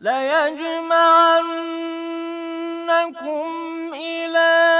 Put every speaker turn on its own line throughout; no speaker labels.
ليجمعنكم إلى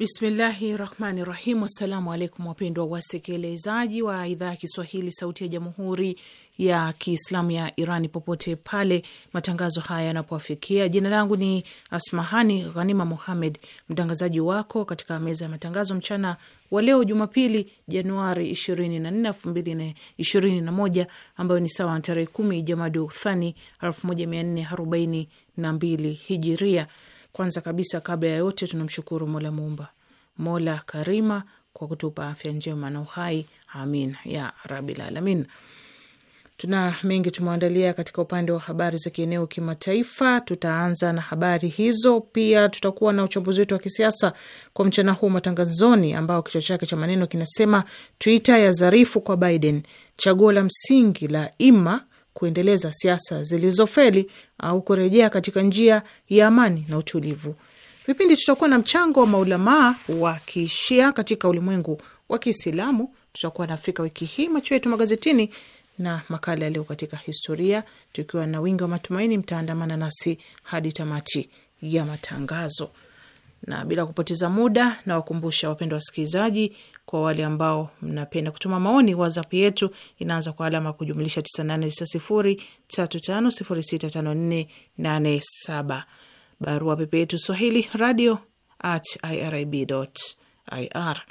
Bismillahi rahmani rahim. Assalamu alaikum wapendwa wasikilizaji wa idhaa ya Kiswahili sauti ya jamhuri ya Kiislamu ya Iran popote pale matangazo haya yanapowafikia. Jina langu ni Asmahani Ghanima Muhamed, mtangazaji wako katika meza ya matangazo mchana wa leo Jumapili, Januari 24, 2021 ambayo ni sawa na tarehe 10 Jamadu Thani 1442 Hijiria. Kwanza kabisa kabla ya yote, tunamshukuru Mola Muumba, Mola Karima kwa kutupa afya njema na uhai, amin ya rabil alamin. Tuna mengi tumeandalia katika upande wa habari za kieneo, kimataifa. Tutaanza na habari hizo, pia tutakuwa na uchambuzi wetu wa kisiasa kwa mchana huu matangazoni, ambao kichwa chake cha maneno kinasema Twitter ya zarifu kwa Biden, chaguo la msingi la ima kuendeleza siasa zilizofeli au kurejea katika njia ya amani na utulivu. Vipindi tutakuwa na mchango wa maulamaa wa kishia katika ulimwengu wa Kiislamu. Tutakuwa na Afrika wiki hii, macho yetu magazetini na makala ya leo katika historia. Tukiwa na wingi wa matumaini, mtaandamana nasi hadi tamati ya matangazo, na bila kupoteza muda, nawakumbusha wapendwa wasikilizaji kwa wale ambao mnapenda kutuma maoni, WhatsApp yetu inaanza kwa alama kujumlisha 989035065487. Barua pepe yetu swahili radio at irib.ir.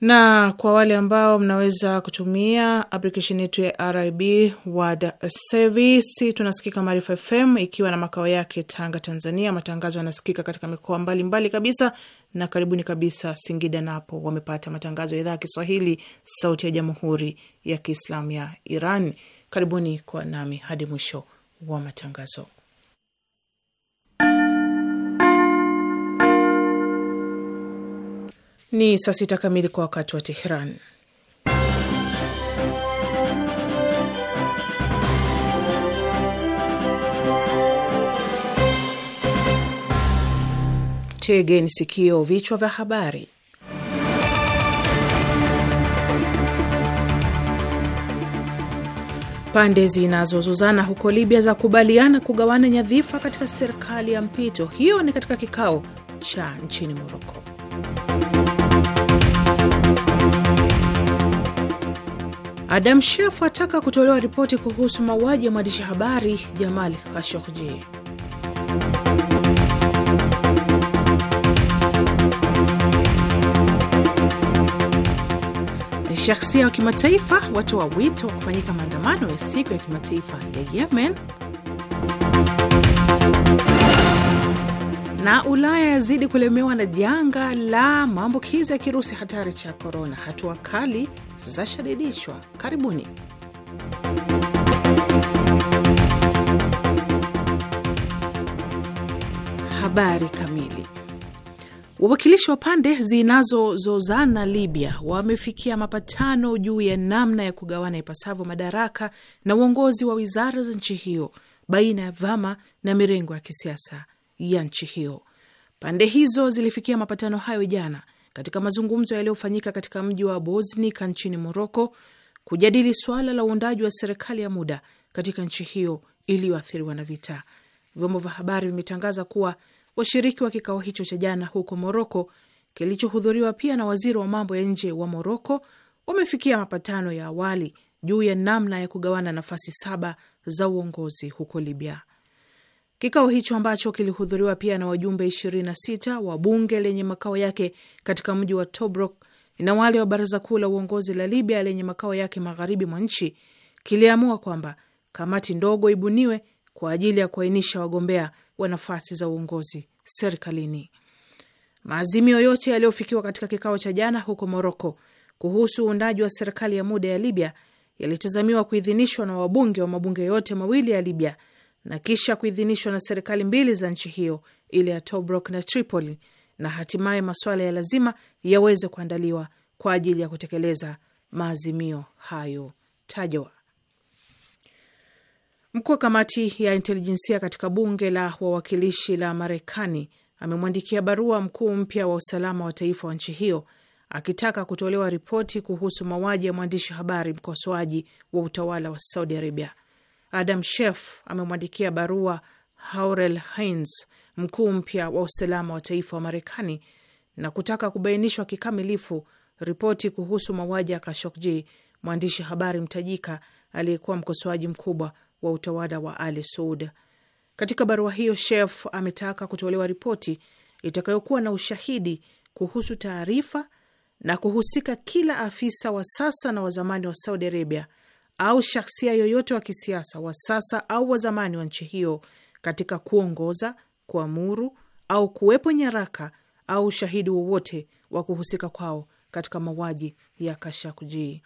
Na kwa wale ambao mnaweza kutumia aplikesheni yetu ya RIB ward service, tunasikika Maarifa FM ikiwa na makao yake Tanga, Tanzania. Matangazo yanasikika katika mikoa mbalimbali kabisa na karibuni kabisa Singida napo wamepata matangazo ya idhaa ya Kiswahili sauti ya jamhuri ya Kiislamu ya Iran. Karibuni kwa nami hadi mwisho wa matangazo. Ni saa sita kamili kwa wakati wa Tehran. tegeni sikio, vichwa vya habari. Pande zinazozozana huko Libya za kubaliana kugawana nyadhifa katika serikali ya mpito. Hiyo ni katika kikao cha nchini Moroko. Adam Shef ataka kutolewa ripoti kuhusu mauaji ya mwandishi habari Jamal Khashoggi. Shahsia wa kimataifa watoa wito wa kufanyika maandamano ya siku ya kimataifa ya Yemen, na Ulaya yazidi kulemewa na janga la maambukizi ya kirusi hatari cha korona. Hatua kali zashadidishwa. Karibuni. Habari kamili. Wawakilishi wa pande zinazozozana Libya wamefikia mapatano juu ya namna ya kugawana ipasavyo madaraka na uongozi wa wizara za nchi hiyo baina ya vyama na mirengo ya kisiasa ya nchi hiyo. Pande hizo zilifikia mapatano hayo jana katika mazungumzo yaliyofanyika katika mji wa Bosnika nchini Moroko kujadili suala la uundaji wa serikali ya muda katika nchi hiyo iliyoathiriwa na vita. Vyombo vya habari vimetangaza kuwa washiriki wa kikao hicho cha jana huko Moroko kilichohudhuriwa pia na waziri wa mambo ya nje wa Moroko wamefikia mapatano ya awali juu ya namna ya kugawana nafasi saba za uongozi huko Libya. Kikao hicho ambacho kilihudhuriwa pia na wajumbe 26 wa bunge lenye makao yake katika mji wa Tobruk na wale wa baraza kuu la uongozi la Libya lenye makao yake magharibi mwa nchi kiliamua kwamba kamati ndogo ibuniwe kwa ajili ya kuainisha wagombea wa nafasi za uongozi serikalini. Maazimio yote yaliyofikiwa katika kikao cha jana huko Moroko kuhusu uundaji wa serikali ya muda ya Libya yalitazamiwa kuidhinishwa na wabunge wa mabunge yote mawili ya Libya na kisha kuidhinishwa na serikali mbili za nchi hiyo, ile ya Tobruk na Tripoli, na hatimaye masuala ya lazima yaweze kuandaliwa kwa ajili ya kutekeleza maazimio hayo tajwa. Mkuu wa kamati ya intelijensia katika bunge la wawakilishi la Marekani amemwandikia barua mkuu mpya wa usalama wa taifa wa nchi hiyo akitaka kutolewa ripoti kuhusu mauaji ya mwandishi habari mkosoaji wa utawala wa Saudi Arabia. Adam Shef amemwandikia barua Haurel Haines, mkuu mpya wa usalama wa taifa wa Marekani, na kutaka kubainishwa kikamilifu ripoti kuhusu mauaji ya Kashokji, mwandishi habari mtajika aliyekuwa mkosoaji mkubwa wa utawala wa Ali Saud. Katika barua hiyo, Shef ametaka kutolewa ripoti itakayokuwa na ushahidi kuhusu taarifa na kuhusika kila afisa wa sasa na wa zamani wa Saudi Arabia au shahsia yoyote wa kisiasa wa sasa au wa zamani wa nchi hiyo katika kuongoza, kuamuru au kuwepo nyaraka au ushahidi wowote wa kuhusika kwao katika mauaji ya Kashakji.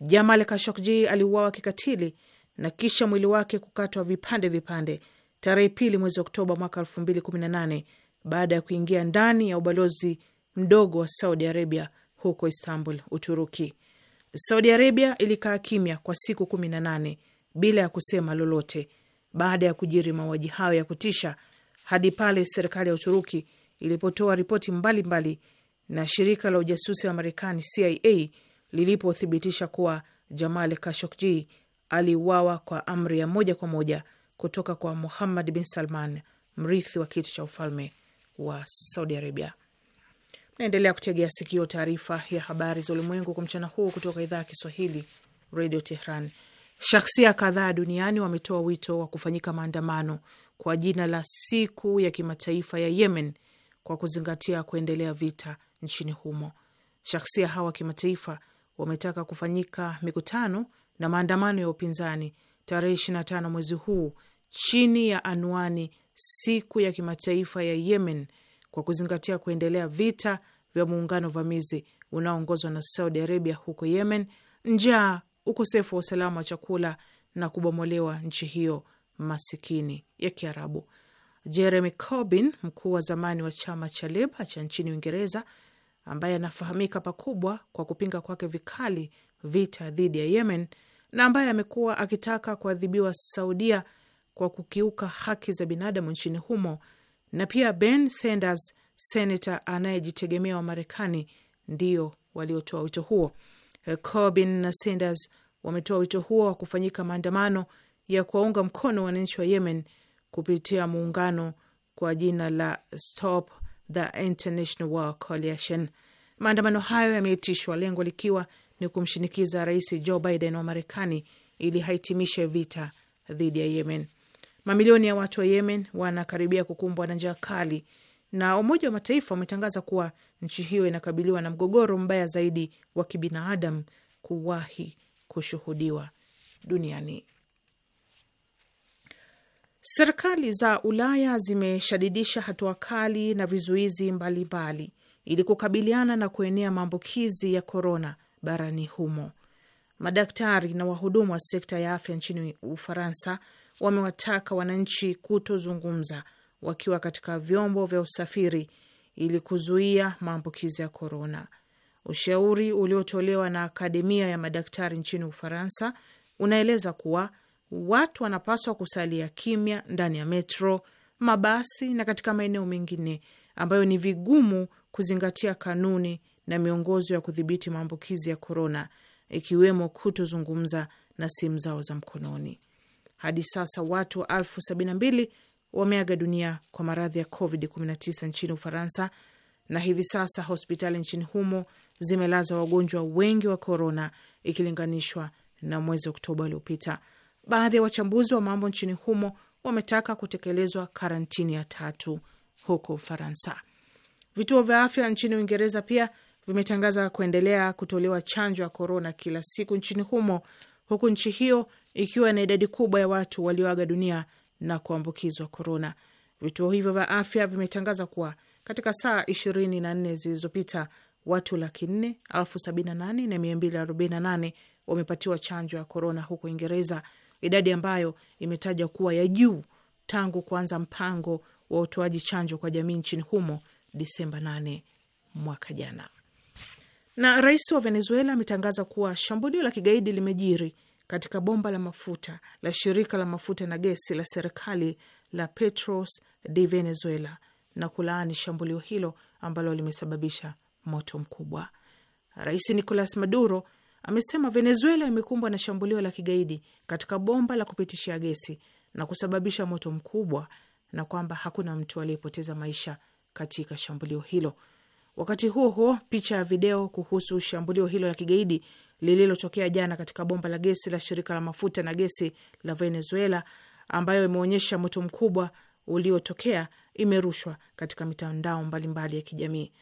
Jamal Kashakji aliuawa kikatili na kisha mwili wake kukatwa vipande vipande tarehe pili mwezi Oktoba mwaka elfu mbili kumi na nane baada ya kuingia ndani ya ubalozi mdogo wa Saudi Arabia huko Istanbul, Uturuki. Saudi Arabia ilikaa kimya kwa siku kumi na nane bila ya kusema lolote baada ya kujiri mauaji hayo ya kutisha hadi pale serikali ya Uturuki ilipotoa ripoti mbalimbali na shirika la ujasusi wa Marekani CIA lilipothibitisha kuwa Jamal Kashokji aliuawa kwa amri ya moja kwa moja kutoka kwa Muhammad bin Salman, mrithi wa kiti cha ufalme wa Saudi Arabia. Naendelea kutegea sikio taarifa ya habari za ulimwengu kwa mchana huu kutoka idhaa ya Kiswahili, Radio Tehran. Shakhsia kadhaa duniani wametoa wito wa kufanyika maandamano kwa jina la siku ya kimataifa ya Yemen kwa kuzingatia kuendelea vita nchini humo. Shakhsia hawa kimataifa wametaka kufanyika mikutano na maandamano ya upinzani tarehe 25 mwezi huu chini ya anwani siku ya kimataifa ya Yemen kwa kuzingatia kuendelea vita vya muungano vamizi unaoongozwa na Saudi Arabia huko Yemen, njaa, ukosefu wa usalama wa chakula na kubomolewa nchi hiyo masikini ya Kiarabu. Jeremy Corbyn, mkuu wa zamani wa chama cha Leba cha nchini Uingereza, ambaye anafahamika pakubwa kwa kupinga kwake vikali vita dhidi ya Yemen, na ambaye amekuwa akitaka kuadhibiwa Saudia kwa kukiuka haki za binadamu nchini humo, na pia Ben Sanders, senata anayejitegemea wa Marekani, ndio waliotoa wito huo. Eh, cobin na Sanders wametoa wito huo wa kufanyika maandamano ya kuwaunga mkono wananchi wa Yemen kupitia muungano kwa jina la Stop the International War Coalition. Maandamano hayo yameitishwa lengo likiwa ni kumshinikiza Rais Joe Biden wa Marekani ili hahitimishe vita dhidi ya Yemen. Mamilioni ya watu wa Yemen wanakaribia kukumbwa na njaa kali, na Umoja wa Mataifa umetangaza kuwa nchi hiyo inakabiliwa na mgogoro mbaya zaidi wa kibinadamu kuwahi kushuhudiwa duniani. Serikali za Ulaya zimeshadidisha hatua kali na vizuizi mbalimbali ili kukabiliana na kuenea maambukizi ya korona barani humo. Madaktari na wahudumu wa sekta ya afya nchini Ufaransa wamewataka wananchi kutozungumza wakiwa katika vyombo vya usafiri ili kuzuia maambukizi ya korona. Ushauri uliotolewa na akademia ya madaktari nchini Ufaransa unaeleza kuwa watu wanapaswa kusalia kimya ndani ya metro, mabasi na katika maeneo mengine ambayo ni vigumu kuzingatia kanuni na miongozo ya kudhibiti maambukizi ya korona, ikiwemo kutozungumza na simu zao za mkononi. Hadi sasa watu elfu sabini na mbili wameaga dunia kwa maradhi ya COVID-19 nchini Ufaransa, na hivi sasa hospitali nchini humo zimelaza wagonjwa wengi wa korona ikilinganishwa na mwezi Oktoba uliopita. Baadhi ya wachambuzi wa mambo nchini humo wametaka kutekelezwa karantini ya tatu huko Ufaransa. Vituo vya afya nchini Uingereza pia vimetangaza kuendelea kutolewa chanjo ya korona kila siku nchini humo, huku nchi hiyo ikiwa na idadi kubwa ya watu walioaga dunia na kuambukizwa korona. Vituo hivyo vya afya vimetangaza kuwa katika saa 24 zilizopita watu laki nne elfu sabini na nane na mia mbili arobaini na nane wamepatiwa chanjo ya korona huko Uingereza, idadi ambayo imetajwa kuwa ya juu tangu kuanza mpango wa utoaji chanjo kwa jamii nchini humo Disemba 8 mwaka jana. Na rais wa Venezuela ametangaza kuwa shambulio la kigaidi limejiri katika bomba la mafuta la shirika la mafuta na gesi la serikali la Petros de Venezuela na kulaani shambulio hilo ambalo limesababisha moto mkubwa. Rais Nicolas Maduro amesema Venezuela imekumbwa na shambulio la kigaidi katika bomba la kupitishia gesi na kusababisha moto mkubwa, na kwamba hakuna mtu aliyepoteza maisha katika shambulio hilo. Wakati huo huo, picha ya video kuhusu shambulio hilo la kigaidi lililotokea jana katika bomba la gesi la shirika la mafuta na gesi la Venezuela, ambayo imeonyesha moto mkubwa uliotokea, imerushwa katika mitandao mbalimbali ya kijamii.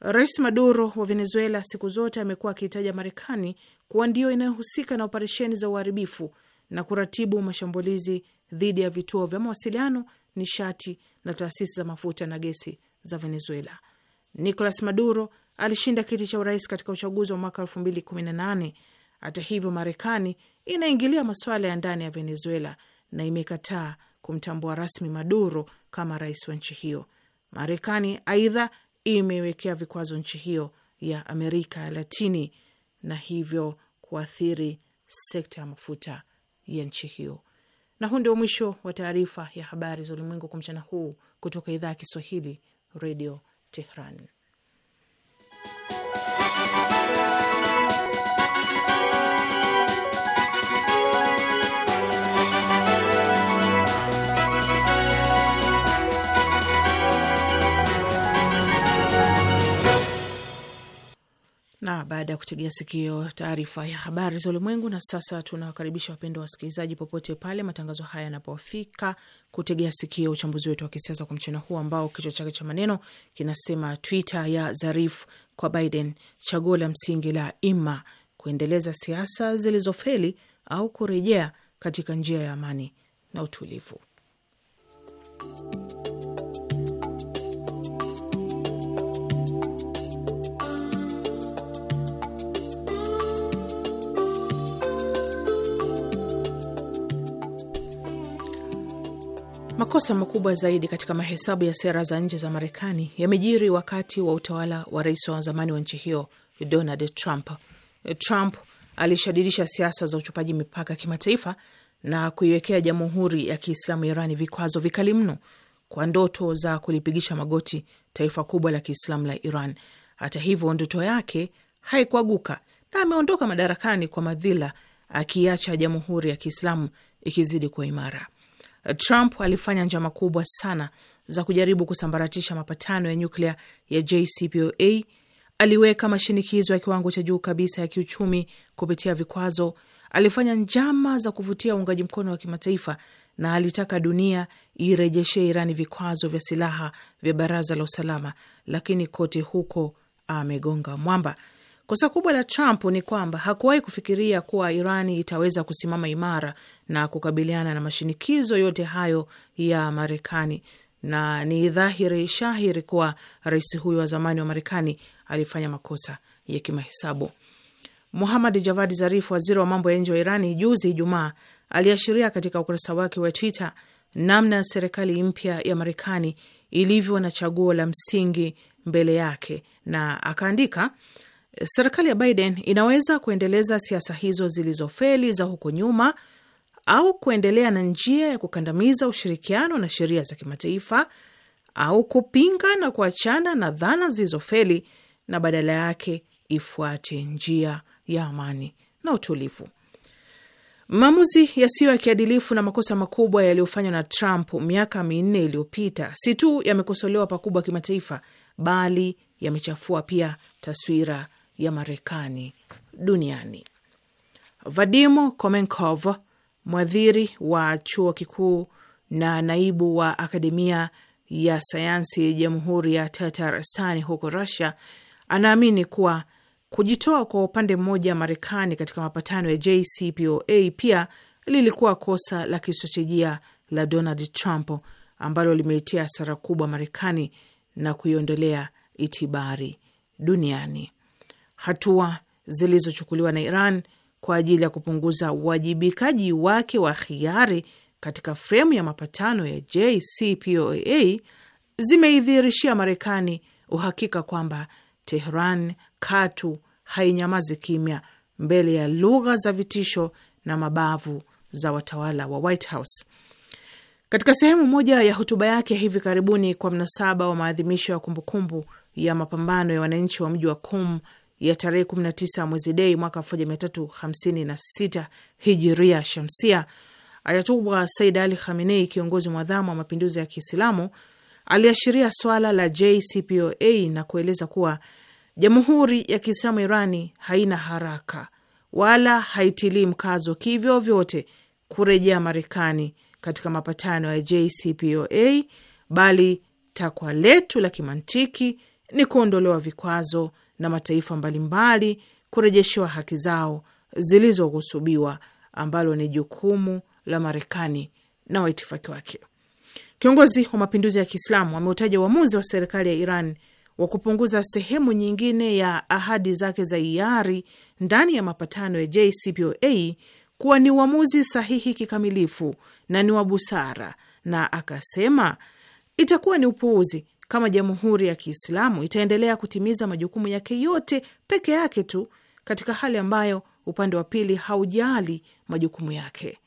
Rais Maduro wa Venezuela siku zote amekuwa akiitaja Marekani kuwa ndio inayohusika na operesheni za uharibifu na kuratibu mashambulizi dhidi ya vituo vya mawasiliano, nishati na taasisi za mafuta na gesi za Venezuela. Nicolas Maduro alishinda kiti cha urais katika uchaguzi wa mwaka nane. Hata hivyo, Marekani inaingilia masuala ya ndani ya Venezuela na imekataa kumtambua rasmi Maduro kama rais wa nchi hiyo. Marekani aidha imewekea vikwazo nchi hiyo ya Amerika ya Latini na hivyo kuathiri sekta ya mafuta ya nchi hiyo. Na huu ndio mwisho wa taarifa ya habari za ulimwengu kwa mchana huu kutoka idhaa ya Kiswahili, Redio Tehran. na baada ya kutegea sikio taarifa ya habari za ulimwengu. Na sasa tunawakaribisha wapendwa wasikilizaji, popote pale matangazo haya yanapofika, kutegea sikio uchambuzi wetu wa kisiasa kwa mchana huu ambao kichwa chake cha maneno kinasema Twitter ya Zarif kwa Biden, chaguo la msingi la ima kuendeleza siasa zilizofeli au kurejea katika njia ya amani na utulivu. Makosa makubwa zaidi katika mahesabu ya sera za nje za Marekani yamejiri wakati wa utawala wa rais wa zamani wa nchi hiyo Donald Trump. Trump alishadidisha siasa za uchupaji mipaka kimataifa na kuiwekea Jamhuri ya Kiislamu Irani vikwazo vikali mno kwa ndoto za kulipigisha magoti taifa kubwa la Kiislamu la Iran. Hata hivyo, ndoto yake haikuaguka na ameondoka madarakani kwa madhila, akiacha Jamhuri ya Kiislamu ikizidi kuwa imara. Eh, Trump alifanya njama kubwa sana za kujaribu kusambaratisha mapatano ya nyuklia ya JCPOA. Aliweka mashinikizo ya kiwango cha juu kabisa ya kiuchumi kupitia vikwazo. Alifanya njama za kuvutia uungaji mkono wa kimataifa na alitaka dunia irejeshe Irani vikwazo vya silaha vya Baraza la Usalama, lakini kote huko amegonga mwamba. Kosa kubwa la Trump ni kwamba hakuwahi kufikiria kuwa Irani itaweza kusimama imara na kukabiliana na mashinikizo yote hayo ya Marekani, na ni dhahiri shahiri kuwa rais huyo wa zamani wa Marekani alifanya makosa ya kimahesabu. Muhamad Javad Zarif, waziri wa mambo ya nje wa Irani, juzi Ijumaa aliashiria katika ukurasa wake wa Twitter namna ya serikali mpya ya Marekani ilivyo na chaguo la msingi mbele yake, na akaandika serikali ya Biden inaweza kuendeleza siasa hizo zilizofeli za huko nyuma au kuendelea na njia ya kukandamiza ushirikiano na sheria za kimataifa au kupinga na kuachana na dhana zilizofeli na badala yake ifuate njia ya amani na utulivu. Maamuzi yasiyo ya kiadilifu na makosa makubwa yaliyofanywa na Trump miaka minne iliyopita si tu yamekosolewa pakubwa kimataifa, bali yamechafua pia taswira ya Marekani duniani. vadimo Komenkov, mwadhiri wa chuo kikuu na naibu wa akademia ya sayansi ya jamhuri ya Tatarstani huko Russia, anaamini kuwa kujitoa kwa upande mmoja Marekani katika mapatano ya JCPOA pia lilikuwa kosa la kistratejia la Donald Trump ambalo limeitia hasara kubwa Marekani na kuiondolea itibari duniani hatua zilizochukuliwa na Iran kwa ajili ya kupunguza uwajibikaji wake wa hiari katika fremu ya mapatano ya JCPOA zimeidhihirishia Marekani uhakika kwamba Tehran katu hainyamazi kimya mbele ya lugha za vitisho na mabavu za watawala wa White House. Katika sehemu moja ya hotuba yake hivi karibuni kwa mnasaba wa maadhimisho ya kumbukumbu ya mapambano ya wananchi wa mji wa Kum ya tarehe 19 mwezi Dei mwaka 1356 hijiria shamsia, Ayatubwa Said Ali Khamenei, kiongozi mwadhamu wa mapinduzi ya Kiislamu, aliashiria swala la JCPOA na kueleza kuwa jamhuri ya Kiislamu Irani haina haraka wala haitilii mkazo kivyo vyote kurejea Marekani katika mapatano ya JCPOA, bali takwa letu la kimantiki ni kuondolewa vikwazo na mataifa mbalimbali kurejeshewa haki zao zilizohusubiwa ambalo ni jukumu la Marekani na waitifaki wake. Kiongozi wa mapinduzi ya Kiislamu ameutaja uamuzi wa serikali ya Iran wa kupunguza sehemu nyingine ya ahadi zake za hiari ndani ya mapatano ya JCPOA kuwa ni uamuzi sahihi kikamilifu na ni wa busara, na akasema itakuwa ni upuuzi kama Jamhuri ya Kiislamu itaendelea kutimiza majukumu yake yote peke yake tu katika hali ambayo upande wa pili haujali majukumu yake.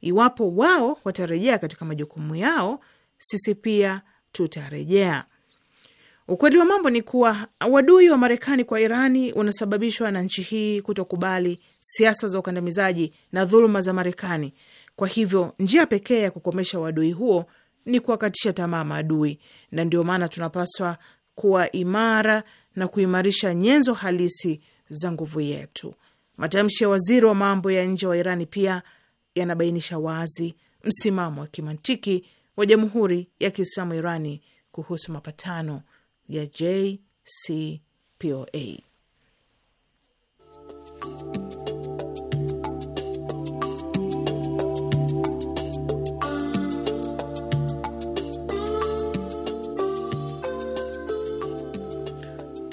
Iwapo wao watarejea katika majukumu yao, sisi pia tutarejea. Ukweli wa mambo ni kuwa uadui wa Marekani kwa Irani unasababishwa na nchi hii kutokubali siasa za ukandamizaji na dhuluma za Marekani. Kwa hivyo njia pekee ya kukomesha uadui huo ni kuwakatisha tamaa maadui, na ndio maana tunapaswa kuwa imara na kuimarisha nyenzo halisi za nguvu yetu. Matamshi ya waziri wa mambo ya nje wa Irani pia yanabainisha wazi msimamo wa kimantiki wa Jamhuri ya Kiislamu Irani kuhusu mapatano ya JCPOA.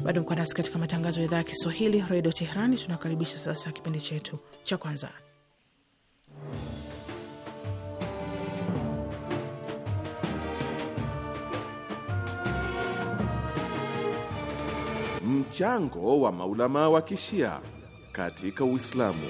Bado mko nasi katika matangazo ya idhaa ya Kiswahili redio Teherani. Tunakaribisha sasa kipindi chetu cha kwanza,
mchango wa maulama wa kishia katika
Uislamu.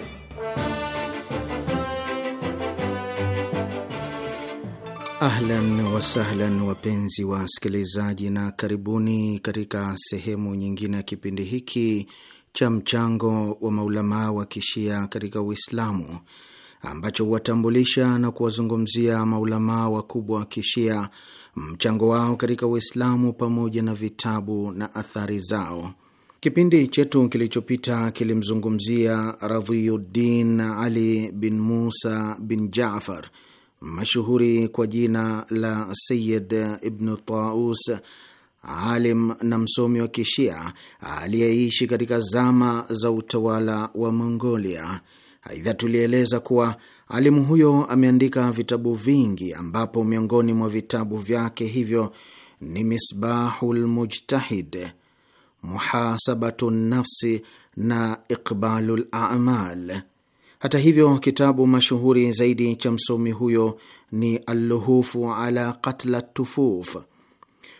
Ahlan wasahlan, wapenzi wasikilizaji, na karibuni katika sehemu nyingine ya kipindi hiki cha mchango wa maulamaa wa kishia katika Uislamu ambacho huwatambulisha na kuwazungumzia maulamaa wakubwa wa kishia, mchango wao katika Uislamu pamoja na vitabu na athari zao. Kipindi chetu kilichopita kilimzungumzia Radhiyuddin Ali bin Musa bin Jafar mashuhuri kwa jina la Sayid Ibnu Taus, alim na msomi wa Kishia aliyeishi katika zama za utawala wa Mongolia. Aidha, tulieleza kuwa alimu huyo ameandika vitabu vingi, ambapo miongoni mwa vitabu vyake hivyo ni misbahu lmujtahid Muhasabatu Nafsi na Iqbalul Amal. Hata hivyo, kitabu mashuhuri zaidi cha msomi huyo ni Alluhufu ala Katla Tufuf.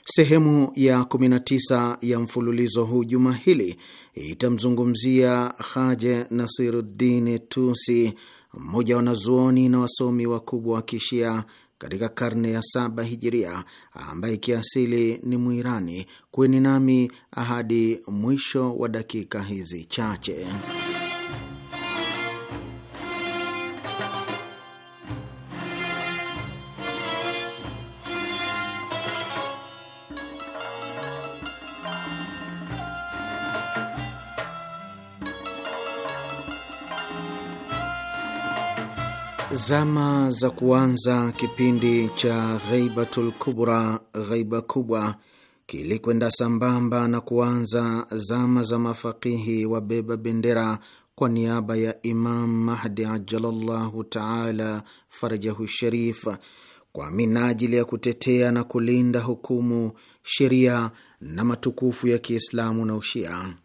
Sehemu ya 19 ya mfululizo huu juma hili itamzungumzia Haje Nasiruddin Tusi, mmoja wa wanazuoni na wasomi wakubwa wa kishia katika karne ya saba hijiria, ambaye kiasili ni Mwirani. Kweni nami ahadi mwisho wa dakika hizi chache. Zama za kuanza kipindi cha Ghaibatul Kubra, ghaiba kubwa, kilikwenda sambamba na kuanza zama za mafakihi wabeba bendera kwa niaba ya Imam Mahdi ajalallahu taala farajahu sharif kwa minajili ya kutetea na kulinda hukumu, sheria na matukufu ya Kiislamu na Ushia.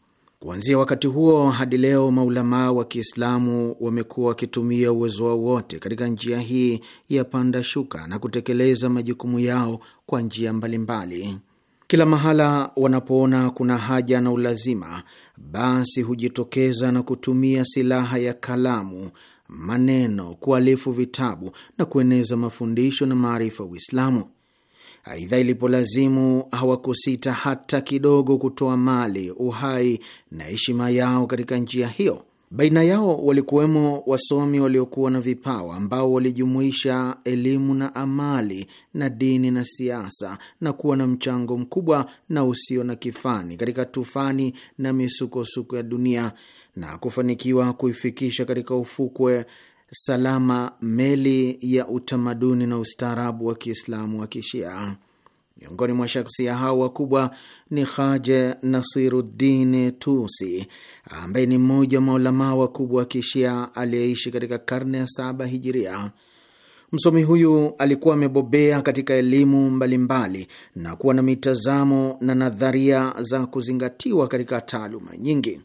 Kuanzia wakati huo hadi leo maulamaa wa Kiislamu wamekuwa wakitumia uwezo wao wote katika njia hii ya panda shuka na kutekeleza majukumu yao kwa njia mbalimbali. Kila mahala wanapoona kuna haja na ulazima, basi hujitokeza na kutumia silaha ya kalamu, maneno, kualifu vitabu na kueneza mafundisho na maarifa Uislamu. Aidha, ilipolazimu hawakusita hata kidogo kutoa mali, uhai na heshima yao katika njia hiyo. Baina yao walikuwemo wasomi waliokuwa na vipawa ambao walijumuisha elimu na amali na dini na siasa na kuwa na mchango mkubwa na usio na kifani katika tufani na misukosuko ya dunia na kufanikiwa kuifikisha katika ufukwe salama meli ya utamaduni na ustaarabu wa Kiislamu wa Kishia. Miongoni mwa shaksia hao wakubwa ni Haje Nasiruddin Tusi, ambaye ni mmoja wa maulamaa wakubwa wa Kishia aliyeishi katika karne ya saba Hijiria. Msomi huyu alikuwa amebobea katika elimu mbalimbali na kuwa na mitazamo na nadharia za kuzingatiwa katika taaluma nyingi.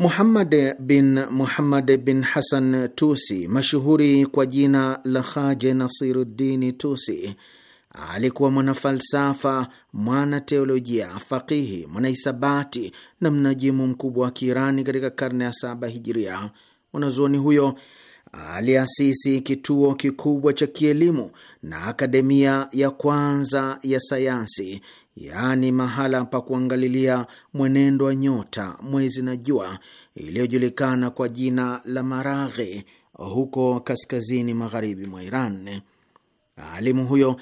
Muhammad bin Muhammad bin Hasan Tusi, mashuhuri kwa jina la Haje Nasirudini Tusi, alikuwa mwanafalsafa, mwanateolojia, faqihi, mwanahisabati na mnajimu mkubwa wa Kiirani katika karne ya saba Hijiria. Mwanazuoni huyo aliasisi kituo kikubwa cha kielimu na akademia ya kwanza ya sayansi, yaani mahala pa kuangalilia mwenendo wa nyota, mwezi na jua, iliyojulikana kwa jina la maraghi huko kaskazini magharibi mwa Iran. Alimu huyo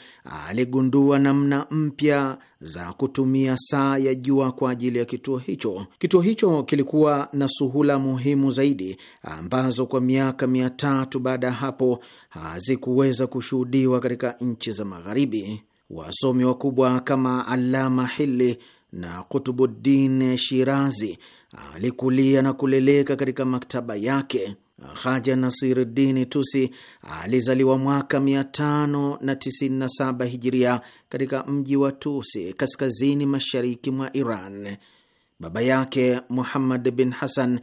aligundua namna mpya za kutumia saa ya jua kwa ajili ya kituo hicho. Kituo hicho kilikuwa na suhula muhimu zaidi ambazo kwa miaka mia tatu baada ya hapo hazikuweza kushuhudiwa katika nchi za Magharibi. Wasomi wakubwa kama Alama Hili na Kutubuddin Shirazi alikulia na kuleleka katika maktaba yake. Haja Nasiruddini Tusi alizaliwa mwaka 597 hijiria katika mji wa Tusi, kaskazini mashariki mwa Iran. Baba yake Muhammad bin Hassan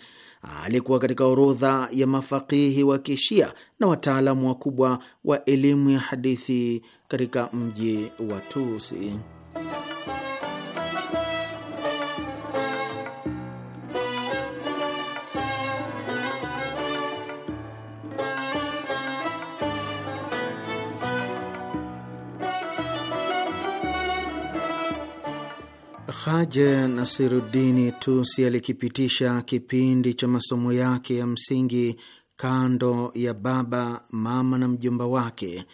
alikuwa katika orodha ya mafakihi wa Kishia na wataalamu wakubwa wa elimu ya hadithi katika mji wa Tusi. Haja Nasiruddini Tusi alikipitisha kipindi cha masomo yake ya msingi kando ya baba, mama na mjomba wake,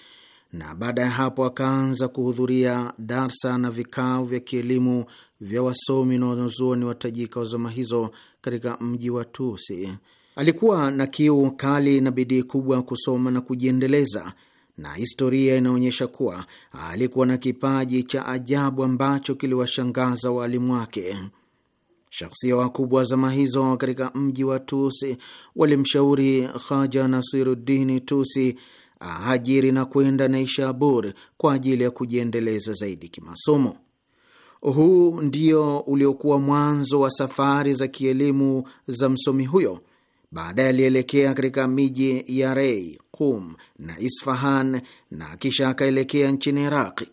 na baada ya hapo akaanza kuhudhuria darsa na vikao vya kielimu vya wasomi na wanazuoni watajika wa zama hizo katika mji wa Tusi. Alikuwa na kiu kali na bidii kubwa kusoma na kujiendeleza na historia inaonyesha kuwa alikuwa na kipaji cha ajabu ambacho kiliwashangaza waalimu wake. Shakhsia wakubwa zama hizo katika mji wa Tusi walimshauri Haja Nasiruddini Tusi ahajiri na kwenda Naishabur kwa ajili ya kujiendeleza zaidi kimasomo. Huu ndio uliokuwa mwanzo wa safari za kielimu za msomi huyo. Baadaye alielekea katika miji ya Rei, Kum na Isfahan na kisha akaelekea nchini Iraqi.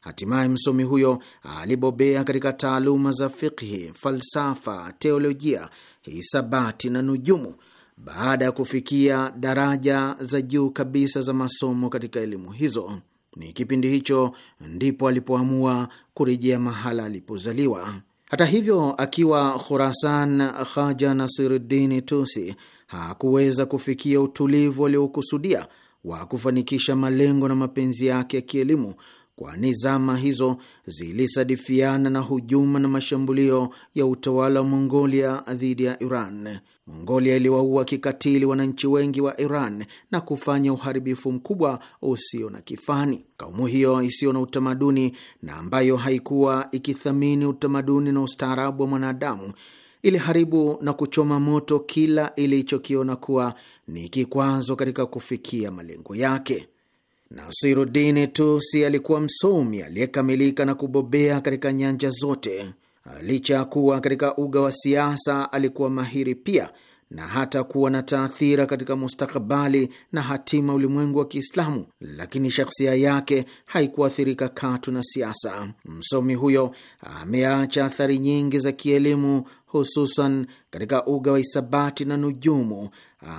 Hatimaye msomi huyo alibobea katika taaluma za fikhi, falsafa, teolojia, hisabati na nujumu baada ya kufikia daraja za juu kabisa za masomo katika elimu hizo. Ni kipindi hicho ndipo alipoamua kurejea mahala alipozaliwa. Hata hivyo, akiwa Khurasan, Khaja Nasiruddini Tusi hakuweza kufikia utulivu aliokusudia wa kufanikisha malengo na mapenzi yake ya kielimu, kwani zama hizo zilisadifiana na hujuma na mashambulio ya utawala wa Mongolia dhidi ya Iran. Mongolia iliwaua kikatili wananchi wengi wa Iran na kufanya uharibifu mkubwa usio na kifani. Kaumu hiyo isiyo na utamaduni na ambayo haikuwa ikithamini utamaduni na ustaarabu wa mwanadamu iliharibu na kuchoma moto kila ilichokiona kuwa ni kikwazo katika kufikia malengo yake. Nasirudini Tusi alikuwa msomi aliyekamilika na kubobea katika nyanja zote. Licha ya kuwa katika uga wa siasa alikuwa mahiri pia na hata kuwa na taathira katika mustakabali na hatima ulimwengu wa Kiislamu, lakini shakhsia yake haikuathirika katu na siasa. Msomi huyo ameacha athari nyingi za kielimu, hususan katika uga wa hisabati na nujumu,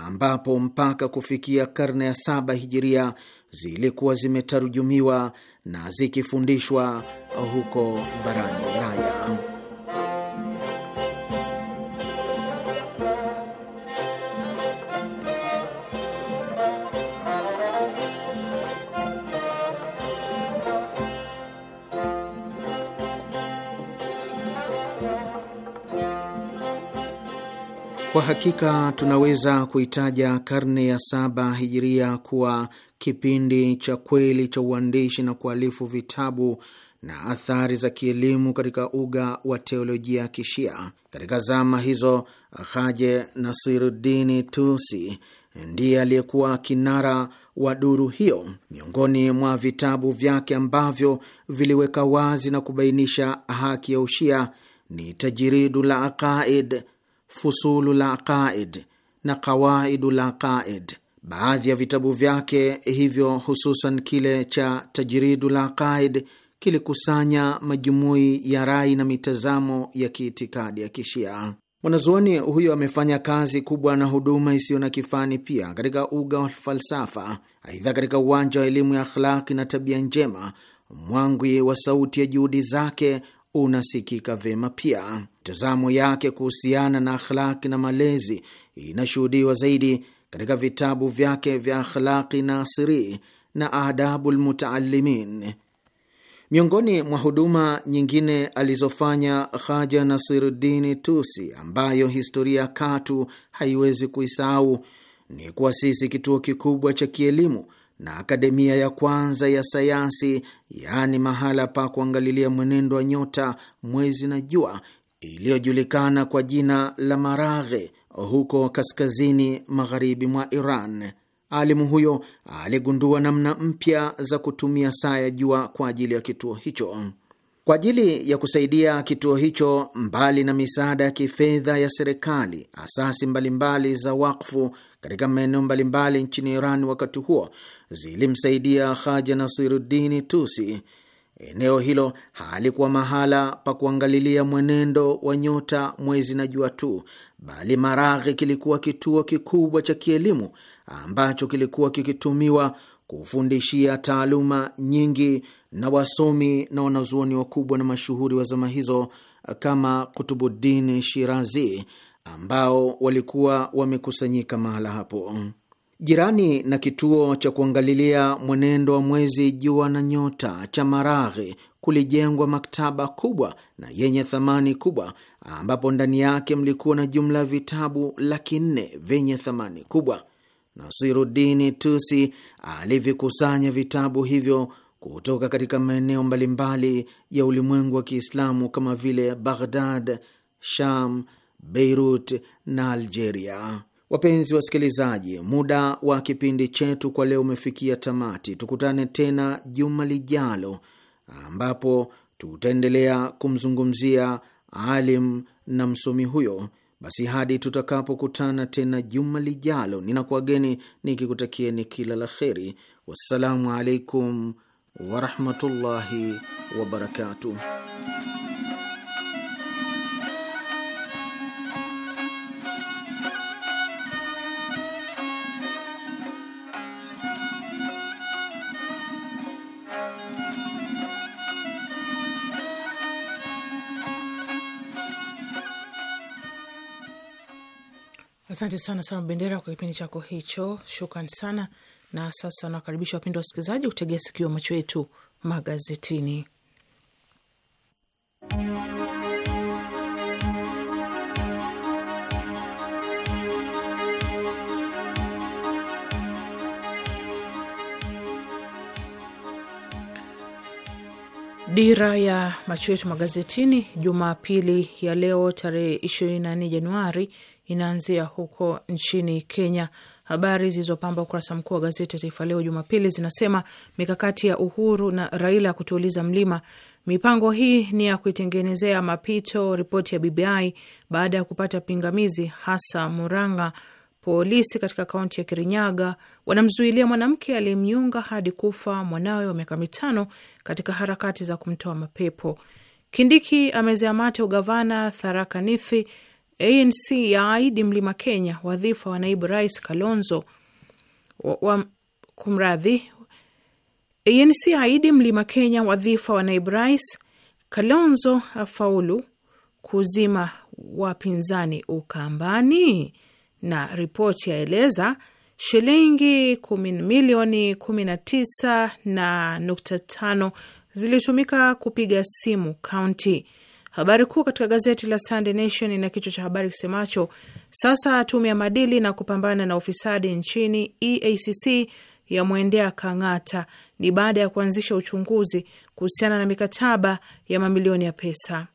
ambapo mpaka kufikia karne ya saba hijiria zilikuwa zimetarujumiwa na zikifundishwa huko barani Ulaya. Kwa hakika tunaweza kuitaja karne ya saba hijiria kuwa kipindi cha kweli cha uandishi na kualifu vitabu na athari za kielimu katika uga wa teolojia ya Kishia. Katika zama hizo, Haje Nasirudini Tusi ndiye aliyekuwa kinara wa duru hiyo. Miongoni mwa vitabu vyake ambavyo viliweka wazi na kubainisha haki ya Ushia ni Tajiridu la Aqaid Fusulul Aqaid na Qawaidul Aqaid. Baadhi ya vitabu vyake hivyo, hususan kile cha Tajridul Aqaid kilikusanya majumui ya rai na mitazamo ya kiitikadi ya Kishia. Mwanazuoni huyo amefanya kazi kubwa na huduma isiyo na kifani pia katika uga wa falsafa. Aidha, katika uwanja wa elimu ya akhlaki na tabia njema, mwangwi wa sauti ya juhudi zake unasikika vema pia. Mtazamo yake kuhusiana na akhlaki na malezi inashuhudiwa zaidi katika vitabu vyake vya Akhlaqi Nasiri na Adabu Lmutaalimin. Miongoni mwa huduma nyingine alizofanya Haja Nasiruddini Tusi, ambayo historia katu haiwezi kuisahau, ni kuasisi kituo kikubwa cha kielimu na akademia ya kwanza ya sayansi, yaani mahala pa kuangalilia mwenendo wa nyota, mwezi na jua, iliyojulikana kwa jina la Maraghe huko kaskazini magharibi mwa Iran. Alimu huyo aligundua namna mpya za kutumia saa ya jua kwa ajili ya kituo hicho. Kwa ajili ya kusaidia kituo hicho, mbali na misaada ya kifedha ya serikali, asasi mbalimbali za wakfu katika maeneo mbalimbali nchini Iran wakati huo zilimsaidia Haja Nasiruddin Tusi. Eneo hilo halikuwa mahala pa kuangalilia mwenendo wa nyota, mwezi na jua tu, bali Maraghi kilikuwa kituo kikubwa cha kielimu ambacho kilikuwa kikitumiwa kufundishia taaluma nyingi na wasomi na wanazuoni wakubwa na mashuhuri wa zama hizo kama Kutubuddin Shirazi ambao walikuwa wamekusanyika mahala hapo jirani na kituo cha kuangalilia mwenendo wa mwezi, jua na nyota cha Maraghi kulijengwa maktaba kubwa na yenye thamani kubwa, ambapo ndani yake mlikuwa na jumla ya vitabu laki nne vyenye thamani kubwa. Nasirudini Tusi alivikusanya vitabu hivyo kutoka katika maeneo mbalimbali ya ulimwengu wa Kiislamu kama vile Baghdad, Sham, Beirut na Algeria. Wapenzi wasikilizaji, muda wa kipindi chetu kwa leo umefikia tamati. Tukutane tena juma lijalo, ambapo tutaendelea kumzungumzia alim na msomi huyo. Basi hadi tutakapokutana tena juma lijalo, ninakuwageni nikikutakieni kila la kheri. Wassalamu alaikum warahmatullahi wabarakatuh.
Asante sana sana Bendera kwa kipindi chako hicho, shukran sana. Na sasa nawakaribisha wapendwa wasikilizaji kutegea sikio macho yetu magazetini. Dira ya macho yetu magazetini Jumapili ya leo tarehe 24 Januari inaanzia huko nchini Kenya. Habari zilizopamba ukurasa mkuu wa gazeti ya Taifa Leo Jumapili zinasema mikakati ya Uhuru na Raila ya kutuuliza mlima. Mipango hii ni ya kuitengenezea mapito ripoti ya BBI baada ya kupata pingamizi hasa Muranga. Polisi katika kaunti ya Kirinyaga wanamzuilia mwanamke aliyemnyunga hadi kufa mwanawe wa miaka mitano katika harakati za kumtoa mapepo. Kindiki amezea mate ugavana Tharaka Nithi ANC aidi Mlima Kenya wadhifa wa naibu rais Kalonzo wa, wa, kumradhi. ANC aidi Mlima Kenya wadhifa wa naibu rais Kalonzo afaulu kuzima wapinzani Ukambani, na ripoti yaeleza shilingi milioni kumi na tisa na nukta tano zilitumika kupiga simu kaunti. Habari kuu katika gazeti la Sunday Nation ina kichwa cha habari kisemacho sasa tume ya maadili na kupambana na ufisadi nchini EACC yamwendea Kang'ata. Ni baada ya kuanzisha uchunguzi kuhusiana na mikataba ya mamilioni ya pesa.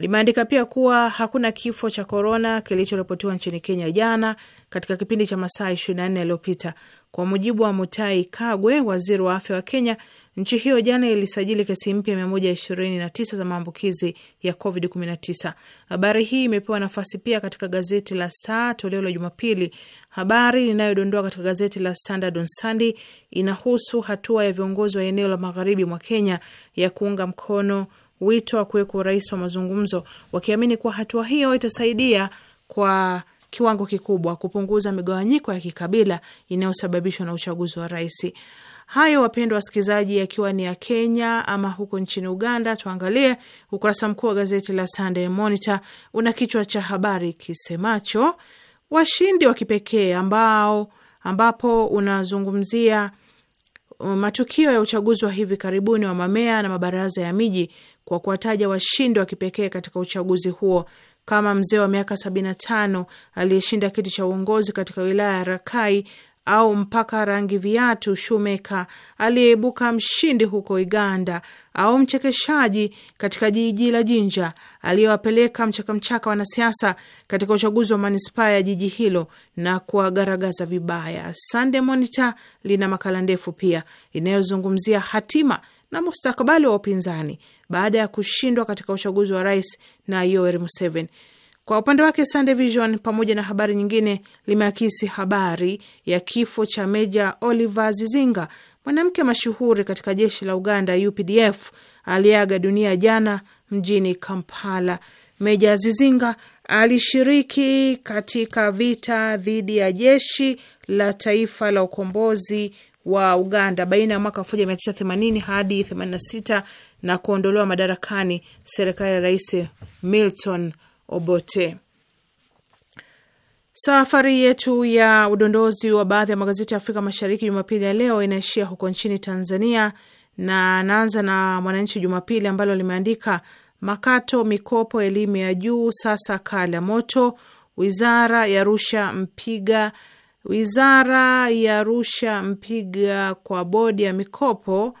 Limeandika pia kuwa hakuna kifo cha korona kilichoripotiwa nchini Kenya jana katika kipindi cha masaa 24 yaliyopita. Kwa mujibu wa Mutai Kagwe, waziri wa afya wa Kenya, nchi hiyo jana ilisajili kesi mpya 129 za maambukizi ya COVID-19. Habari hii imepewa nafasi pia katika gazeti la Star toleo la Jumapili. Habari inayodondoa katika gazeti la Standard on Sunday inahusu hatua ya viongozi wa eneo la magharibi mwa Kenya ya kuunga mkono wito wa kuwekwa urais wa mazungumzo, wakiamini kuwa hatua hiyo itasaidia kwa kiwango kikubwa kupunguza migawanyiko ya kikabila inayosababishwa na uchaguzi wa rais. Hayo wapendwa wasikilizaji, yakiwa ni ya Kenya. Ama huko nchini Uganda, tuangalie ukurasa mkuu wa gazeti la Sunday Monitor una kichwa cha habari kisemacho washindi wa kipekee ambao, ambapo unazungumzia uh, matukio ya uchaguzi wa hivi karibuni wa mamea na mabaraza ya miji kwa kuwataja washindi wa kipekee katika uchaguzi huo kama mzee wa miaka 75 aliyeshinda kiti cha uongozi katika wilaya ya Rakai au mpaka rangi viatu Shumeka aliyeibuka mshindi huko Uganda, au mchekeshaji katika jiji la Jinja aliyewapeleka mchakamchaka wanasiasa katika uchaguzi wa manispaa ya jiji hilo na kuwagaragaza vibaya. Sunday Monitor lina makala ndefu pia inayozungumzia hatima na mustakabali wa upinzani baada ya kushindwa katika uchaguzi wa rais na Yoweri Museveni. Kwa upande wake Sunday Vision pamoja na habari nyingine limeakisi habari ya kifo cha Meja Oliver Zizinga, mwanamke mashuhuri katika jeshi la Uganda UPDF, aliyeaga dunia jana mjini Kampala. Meja Zizinga alishiriki katika vita dhidi ya jeshi la taifa la ukombozi wa Uganda baina ya mwaka 1980 hadi 86 na kuondolewa madarakani serikali ya Rais Milton Obote. Safari yetu ya udondozi wa baadhi ya magazeti ya Afrika Mashariki Jumapili ya leo inaishia huko nchini Tanzania, na naanza na Mwananchi Jumapili ambalo limeandika makato mikopo elimu ya juu sasa kala moto, wizara ya rusha mpiga Wizara ya rusha mpiga kwa bodi ya mikopo,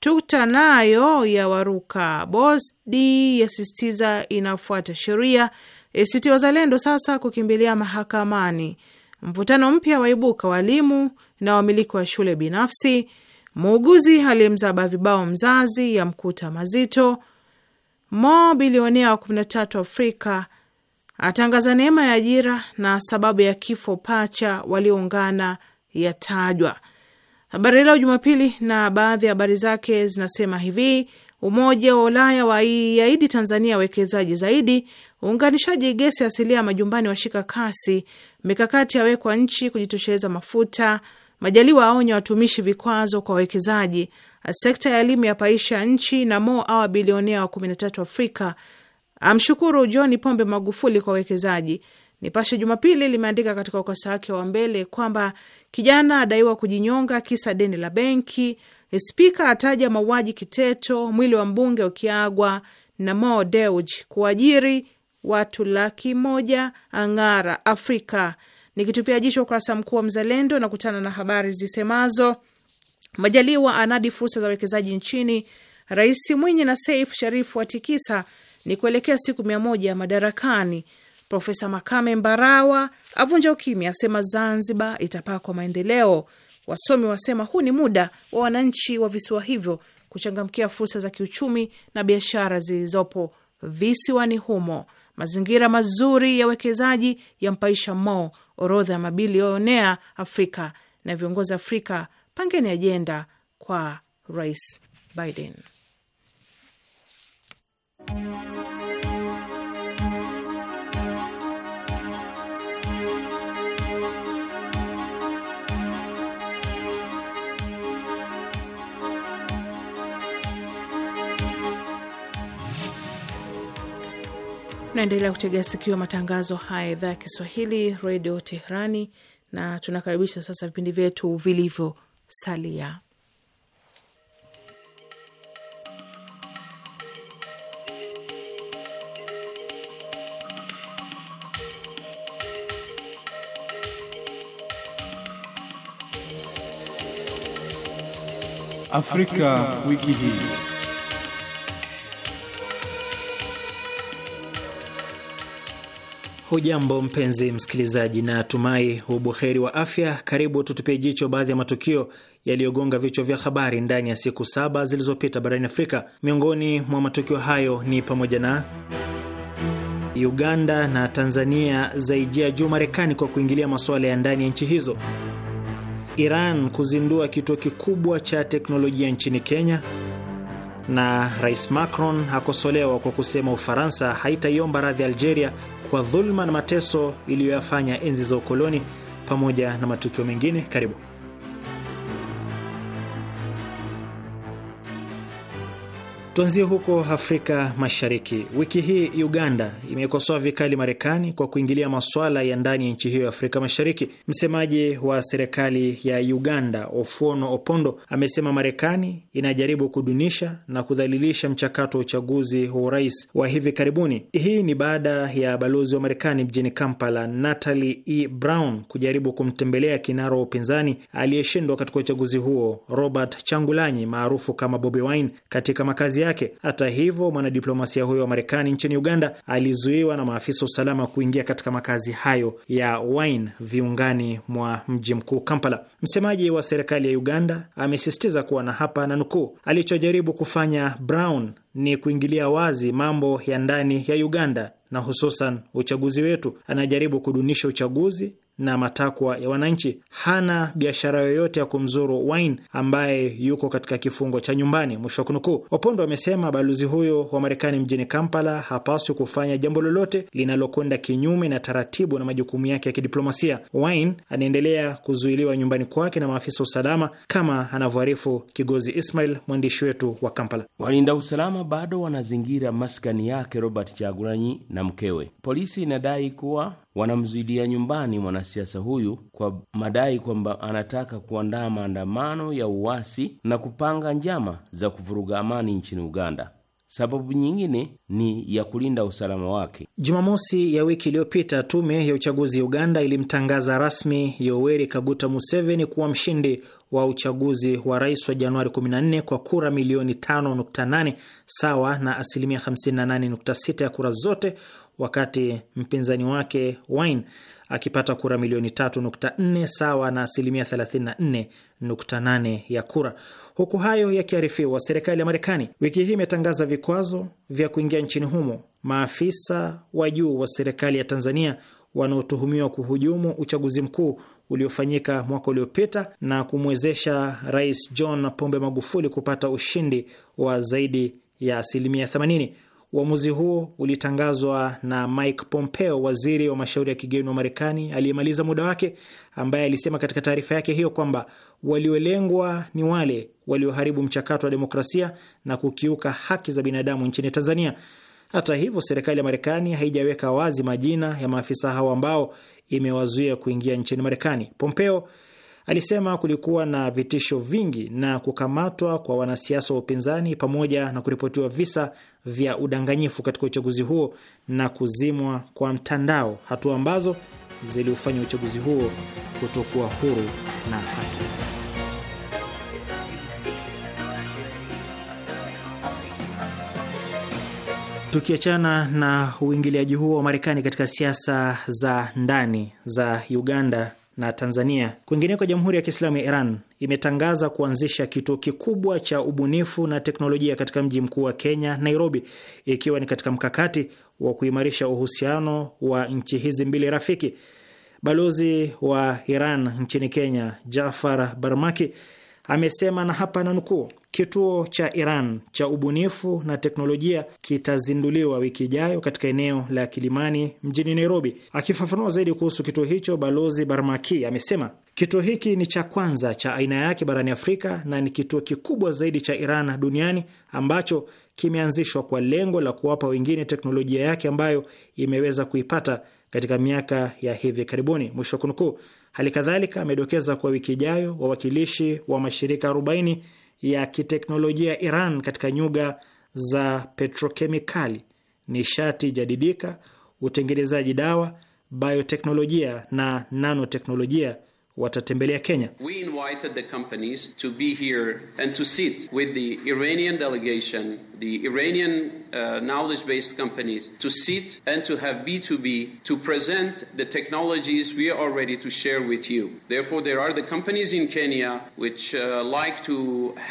tukta nayo ya waruka. Bodi yasisitiza inafuata sheria. ACT Wazalendo sasa kukimbilia mahakamani. Mvutano mpya waibuka walimu na wamiliki wa shule binafsi. Muuguzi aliyemzaba vibao mzazi ya mkuta mazito. Mo bilionea wa 13 Afrika atangaza neema ya ajira na sababu ya kifo pacha walioungana yatajwa. Habari leo Jumapili na baadhi ya habari zake zinasema hivi: Umoja wa Ulaya waiahidi Tanzania wawekezaji zaidi, uunganishaji gesi asilia ya majumbani washika kasi, mikakati yawekwa nchi kujitosheleza mafuta, Majaliwa aonya watumishi vikwazo kwa wawekezaji, sekta ya elimu yapaisha nchi, na Mo awa bilionea wa 13 Afrika amshukuru John Pombe Magufuli kwa uwekezaji. Nipashe Jumapili limeandika katika ukurasa wake wa mbele kwamba kijana adaiwa kujinyonga kisa deni la benki, spika ataja mauaji Kiteto, mwili wa mbunge ukiagwa na Mo Dewji kuajiri watu laki moja ang'ara Afrika. Nikitupia jicho ukurasa mkuu wa Mzalendo nakutana na habari zisemazo Majaliwa anadi fursa za uwekezaji nchini, Rais Mwinyi na Seif Sharif watikisa ni kuelekea siku mia moja madarakani. Profesa Makame Mbarawa avunja ukimya, asema Zanzibar itapakwa maendeleo. Wasomi wasema huu ni muda wa wananchi wa visiwa hivyo kuchangamkia fursa za kiuchumi na biashara zilizopo visiwani humo. Mazingira mazuri ya uwekezaji yampaisha Mo orodha ya mabilionea Afrika. Na viongozi Afrika, pangeni ajenda kwa Rais Biden. Naendelea kutegea sikio matangazo haya idhaa ya Kiswahili redio Teherani, na tunakaribisha sasa vipindi vyetu vilivyosalia.
Afrika, wiki hii. Hujambo mpenzi msikilizaji, na tumai ubuheri wa afya. Karibu tutupie jicho baadhi ya matukio yaliyogonga vichwa vya habari ndani ya siku saba zilizopita barani Afrika. Miongoni mwa matukio hayo ni pamoja na Uganda na Tanzania zaijia juu Marekani kwa kuingilia masuala ya ndani ya nchi hizo Iran kuzindua kituo kikubwa cha teknolojia nchini Kenya, na Rais Macron akosolewa kwa kusema Ufaransa haitaiomba radhi Algeria kwa dhuluma na mateso iliyoyafanya enzi za ukoloni, pamoja na matukio mengine. Karibu. Tuanzie huko Afrika Mashariki. Wiki hii Uganda imekosoa vikali Marekani kwa kuingilia maswala ya ndani ya nchi hiyo ya Afrika Mashariki. Msemaji wa serikali ya Uganda, Ofuono Opondo, amesema Marekani inajaribu kudunisha na kudhalilisha mchakato wa uchaguzi wa urais wa hivi karibuni. Hii ni baada ya balozi wa Marekani mjini Kampala, Natalie E Brown, kujaribu kumtembelea kinara wa upinzani aliyeshindwa katika uchaguzi huo, Robert Changulanyi maarufu kama Bobi Wine, katika makazi yake. Hata hivyo, mwanadiplomasia huyo wa Marekani nchini Uganda alizuiwa na maafisa usalama kuingia katika makazi hayo ya Wine viungani mwa mji mkuu Kampala. Msemaji wa serikali ya Uganda amesisitiza kuwa na hapa na nukuu, alichojaribu kufanya Brown ni kuingilia wazi mambo ya ndani ya Uganda na hususan uchaguzi wetu. Anajaribu kudunisha uchaguzi na matakwa ya wananchi. Hana biashara yoyote ya kumzuru Wine ambaye yuko katika kifungo cha nyumbani, mwisho wa kunukuu. Wapondo wamesema balozi huyo wa Marekani mjini Kampala hapaswi kufanya jambo lolote linalokwenda kinyume na taratibu na majukumu yake ya kidiplomasia. Wine anaendelea kuzuiliwa nyumbani kwake na maafisa usalama, kama anavyoarifu Kigozi Ismail, mwandishi wetu wa Kampala. Walinda usalama bado wanazingira maskani yake Robert Chagulanyi na mkewe. Polisi inadai kuwa wanamzuidia nyumbani mwanasiasa huyu kwa madai kwamba anataka kuandaa maandamano ya uasi na kupanga njama za kuvuruga amani nchini Uganda. Sababu nyingine ni ya kulinda usalama wake. Jumamosi ya wiki iliyopita, tume ya uchaguzi ya Uganda ilimtangaza rasmi Yoweri Kaguta Museveni kuwa mshindi wa uchaguzi wa rais wa Januari 14 kwa kura milioni 5.8 sawa na asilimia 58.6 ya kura zote wakati mpinzani wake Wine akipata kura milioni 3.4 sawa na asilimia 34.8 ya kura. Huku hayo yakiarifiwa, serikali ya Marekani wiki hii imetangaza vikwazo vya kuingia nchini humo maafisa wa juu wa serikali ya Tanzania wanaotuhumiwa kuhujumu uchaguzi mkuu uliofanyika mwaka uliopita na kumwezesha Rais John Pombe Magufuli kupata ushindi wa zaidi ya asilimia 80. Uamuzi huo ulitangazwa na Mike Pompeo, waziri wa mashauri ya kigeni wa Marekani aliyemaliza muda wake, ambaye alisema katika taarifa yake hiyo kwamba waliolengwa ni wale walioharibu mchakato wa demokrasia na kukiuka haki za binadamu nchini Tanzania. Hata hivyo, serikali ya Marekani haijaweka wazi majina ya maafisa hao ambao imewazuia kuingia nchini Marekani. Pompeo Alisema kulikuwa na vitisho vingi na kukamatwa kwa wanasiasa wa upinzani pamoja na kuripotiwa visa vya udanganyifu katika uchaguzi huo na kuzimwa kwa mtandao, hatua ambazo ziliufanya uchaguzi huo kutokuwa huru na haki. Tukiachana na uingiliaji huo wa Marekani katika siasa za ndani za Uganda, na Tanzania. Kwingineko, Jamhuri ya Kiislamu ya Iran imetangaza kuanzisha kituo kikubwa cha ubunifu na teknolojia katika mji mkuu wa Kenya, Nairobi, ikiwa ni katika mkakati wa kuimarisha uhusiano wa nchi hizi mbili rafiki. Balozi wa Iran nchini Kenya, Jafar Barmaki, amesema na hapa nanukuu: Kituo cha Iran cha ubunifu na teknolojia kitazinduliwa wiki ijayo katika eneo la Kilimani mjini Nairobi. Akifafanua zaidi kuhusu kituo hicho, Balozi Barmaki amesema kituo hiki ni cha kwanza cha aina yake barani Afrika na ni kituo kikubwa zaidi cha Iran duniani ambacho kimeanzishwa kwa lengo la kuwapa wengine teknolojia yake ambayo imeweza kuipata katika miaka ya hivi karibuni, mwisho wa kunukuu. Hali kadhalika amedokeza kwa wiki ijayo wawakilishi wa mashirika 40 ya kiteknolojia ya Iran katika nyuga za petrokemikali, nishati jadidika, utengenezaji dawa, bioteknolojia na nanoteknolojia watatembelea Kenya.
We invited the companies to be here and to sit with the Iranian delegation the Iranian uh, knowledge based companies to sit and to have B2B to present the technologies we are ready to share with you. Therefore, there are the companies in Kenya which uh, like to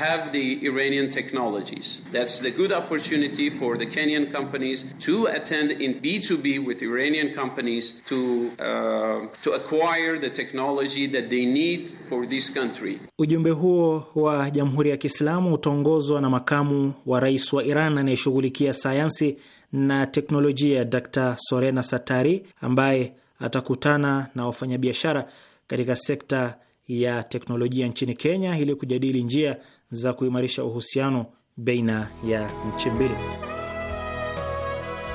have the Iranian technologies. That's the good opportunity for the Kenyan companies to attend in B2B with Iranian companies to, uh, to acquire the technology that they need for this country.
Ujumbe huo wa Jamhuri ya Kiislamu utaongozwa na makamu wa rais wa wa Iran anayeshughulikia sayansi na teknolojia Dr Sorena Satari, ambaye atakutana na wafanyabiashara katika sekta ya teknolojia nchini Kenya ili kujadili njia za kuimarisha uhusiano baina ya nchi mbili.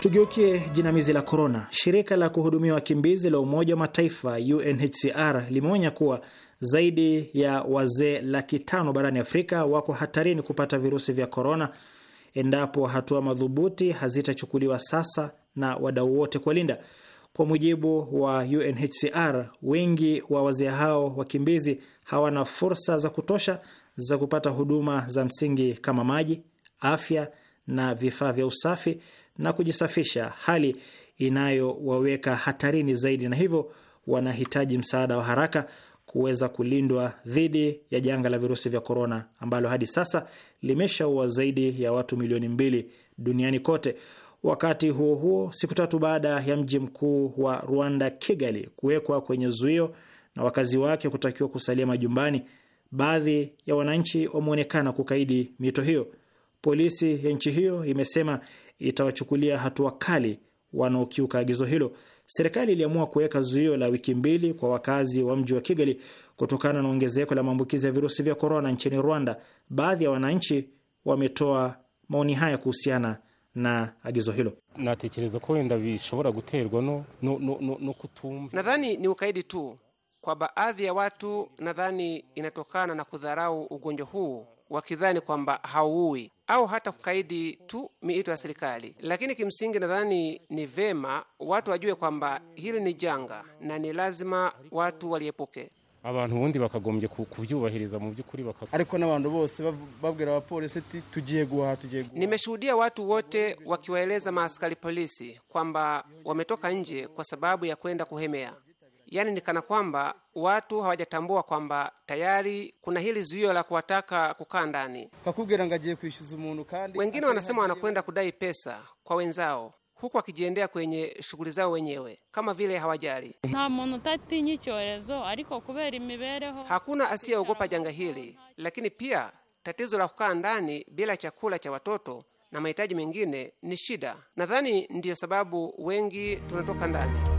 Tugeukie jinamizi la korona. Shirika la kuhudumia wakimbizi la Umoja wa Mataifa UNHCR limeonya kuwa zaidi ya wazee laki tano barani Afrika wako hatarini kupata virusi vya korona endapo hatua madhubuti hazitachukuliwa sasa na wadau wote kuwalinda. Kwa mujibu wa UNHCR, wengi wa wazee hao wakimbizi hawana fursa za kutosha za kupata huduma za msingi kama maji, afya na vifaa vya usafi na kujisafisha, hali inayowaweka hatarini zaidi, na hivyo wanahitaji msaada wa haraka kuweza kulindwa dhidi ya janga la virusi vya korona ambalo hadi sasa limeshaua zaidi ya watu milioni mbili duniani kote. Wakati huo huo, siku tatu baada ya mji mkuu wa Rwanda, Kigali, kuwekwa kwenye zuio na wakazi wake kutakiwa kusalia majumbani, baadhi ya wananchi wameonekana kukaidi mito hiyo. Polisi ya nchi hiyo imesema itawachukulia hatua kali wanaokiuka agizo hilo serikali iliamua kuweka zuio la wiki mbili kwa wakazi wa mji wa Kigali kutokana na ongezeko la maambukizi ya virusi vya korona nchini Rwanda. Baadhi ya wananchi wametoa maoni haya kuhusiana na agizo hilo.
Nadhani ni ukaidi tu kwa baadhi ya watu, nadhani inatokana na kudharau ugonjwa huu wakidhani kwamba hauui au hata kukaidi tu miito ya serikali. Lakini kimsingi, nadhani ni vema watu wajue kwamba hili ni janga na ni lazima watu waliepuke.
abantu ubundi bakagombye kubyubahiriza mu by'ukuri ariko n'abantu bose babwira
abapolisi ati tugiye guha tugiye guha. Nimeshuhudia watu wote wakiwaeleza maaskari polisi kwamba wametoka nje kwa sababu ya kwenda kuhemea yaani ni kana kwamba watu hawajatambua kwamba tayari kuna hili zuio la kuwataka kukaa ndani. Wengine wanasema wanakwenda kudai pesa kwa wenzao huku wakijiendea kwenye shughuli zao wenyewe kama vile hawajali. Hakuna asiyeogopa janga hili, lakini pia tatizo la kukaa ndani bila chakula cha watoto na mahitaji mengine ni shida. Nadhani ndiyo sababu wengi tunatoka ndani.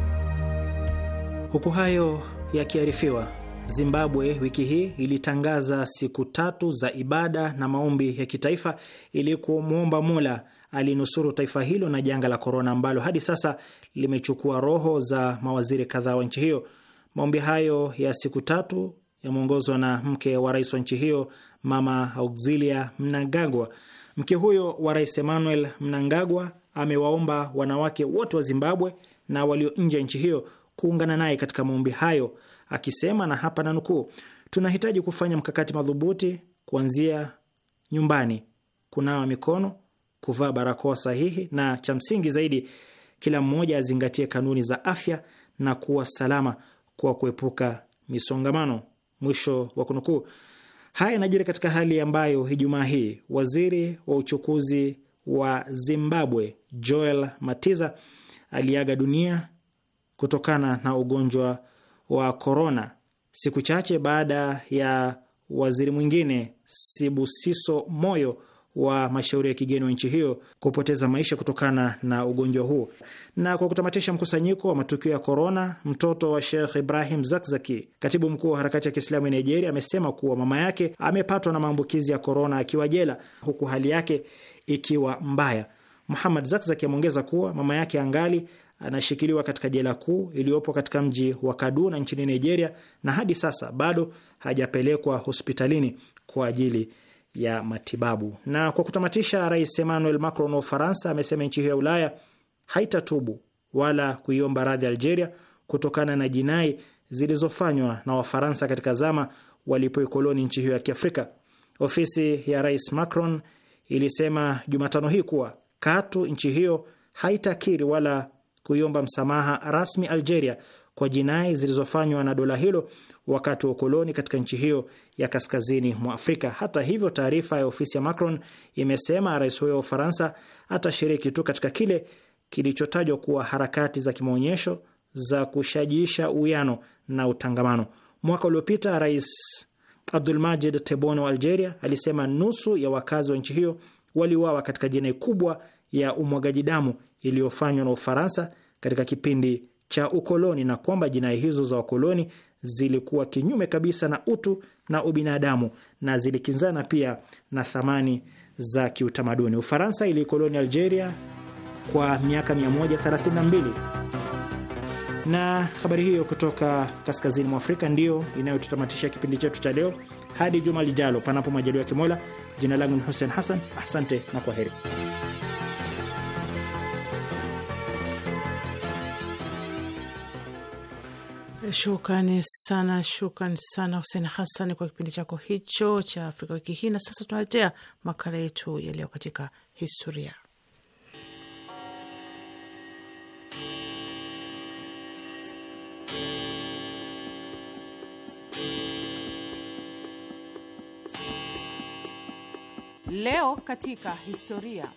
Huku hayo yakiarifiwa, Zimbabwe wiki hii ilitangaza siku tatu za ibada na maombi ya kitaifa ili kumwomba Mola alinusuru taifa hilo na janga la korona ambalo hadi sasa limechukua roho za mawaziri kadhaa wa nchi hiyo. Maombi hayo ya siku tatu yameongozwa na mke wa rais wa nchi hiyo Mama Auxilia Mnangagwa. Mke huyo wa Rais Emmanuel Mnangagwa amewaomba wanawake wote wa Zimbabwe na walio nje ya nchi hiyo kuungana naye katika maombi hayo, akisema na hapa na nukuu, tunahitaji kufanya mkakati madhubuti kuanzia nyumbani, kunawa mikono, kuvaa barakoa sahihi, na cha msingi zaidi, kila mmoja azingatie kanuni za afya na kuwa salama kwa kuepuka misongamano. Mwisho wa kunukuu. Haya yanajiri katika hali ambayo Ijumaa hii waziri wa uchukuzi wa Zimbabwe Joel Matiza aliaga dunia kutokana na ugonjwa wa korona, siku chache baada ya waziri mwingine Sibusiso Moyo wa mashauri ya kigeni wa nchi hiyo kupoteza maisha kutokana na ugonjwa huo. Na kwa kutamatisha mkusanyiko wa matukio ya korona, mtoto wa Sheikh Ibrahim Zakzaki, katibu mkuu wa harakati ya Kiislamu ya Nigeria, amesema kuwa mama yake amepatwa na maambukizi ya korona akiwa jela, huku hali yake ikiwa mbaya. Muhammad Zakzaki ameongeza kuwa mama yake angali anashikiliwa katika jela kuu iliyopo katika mji wa Kaduna nchini Nigeria, na hadi sasa bado hajapelekwa hospitalini kwa ajili ya matibabu. Na kwa kutamatisha, Rais Emmanuel Macron wa Ufaransa amesema nchi hiyo ya Ulaya haitatubu wala kuiomba radhi Algeria kutokana na jinai zilizofanywa na Wafaransa katika zama walipoikoloni nchi hiyo ya Kiafrika. Ofisi ya Rais Macron ilisema Jumatano hii kuwa katu nchi hiyo haitakiri wala kuiomba msamaha rasmi Algeria kwa jinai zilizofanywa na dola hilo wakati wa ukoloni katika nchi hiyo ya kaskazini mwa Afrika. Hata hivyo, taarifa ya ofisi ya Macron imesema rais huyo wa Ufaransa atashiriki tu katika kile kilichotajwa kuwa harakati za kimaonyesho za kushajiisha uwiano na utangamano. Mwaka uliopita Rais Abdulmajid Tebboune wa Algeria alisema nusu ya wakazi wa nchi hiyo waliuawa katika jinai kubwa ya umwagaji damu iliyofanywa na Ufaransa katika kipindi cha ukoloni na kwamba jinai hizo za wakoloni zilikuwa kinyume kabisa na utu na ubinadamu na zilikinzana pia na thamani za kiutamaduni. Ufaransa iliikoloni Algeria kwa miaka 132 na habari hiyo kutoka kaskazini mwa Afrika ndiyo inayotutamatisha kipindi chetu cha leo. Hadi juma lijalo, panapo majaliwa Kimola. Jina langu ni Hussein Hassan, asante na kwa heri.
Shukrani sana, shukrani sana Husen Hasani kwa kipindi chako hicho cha Afrika wiki hii. Na sasa tunaletea makala yetu yaliyo katika historia. Leo katika historia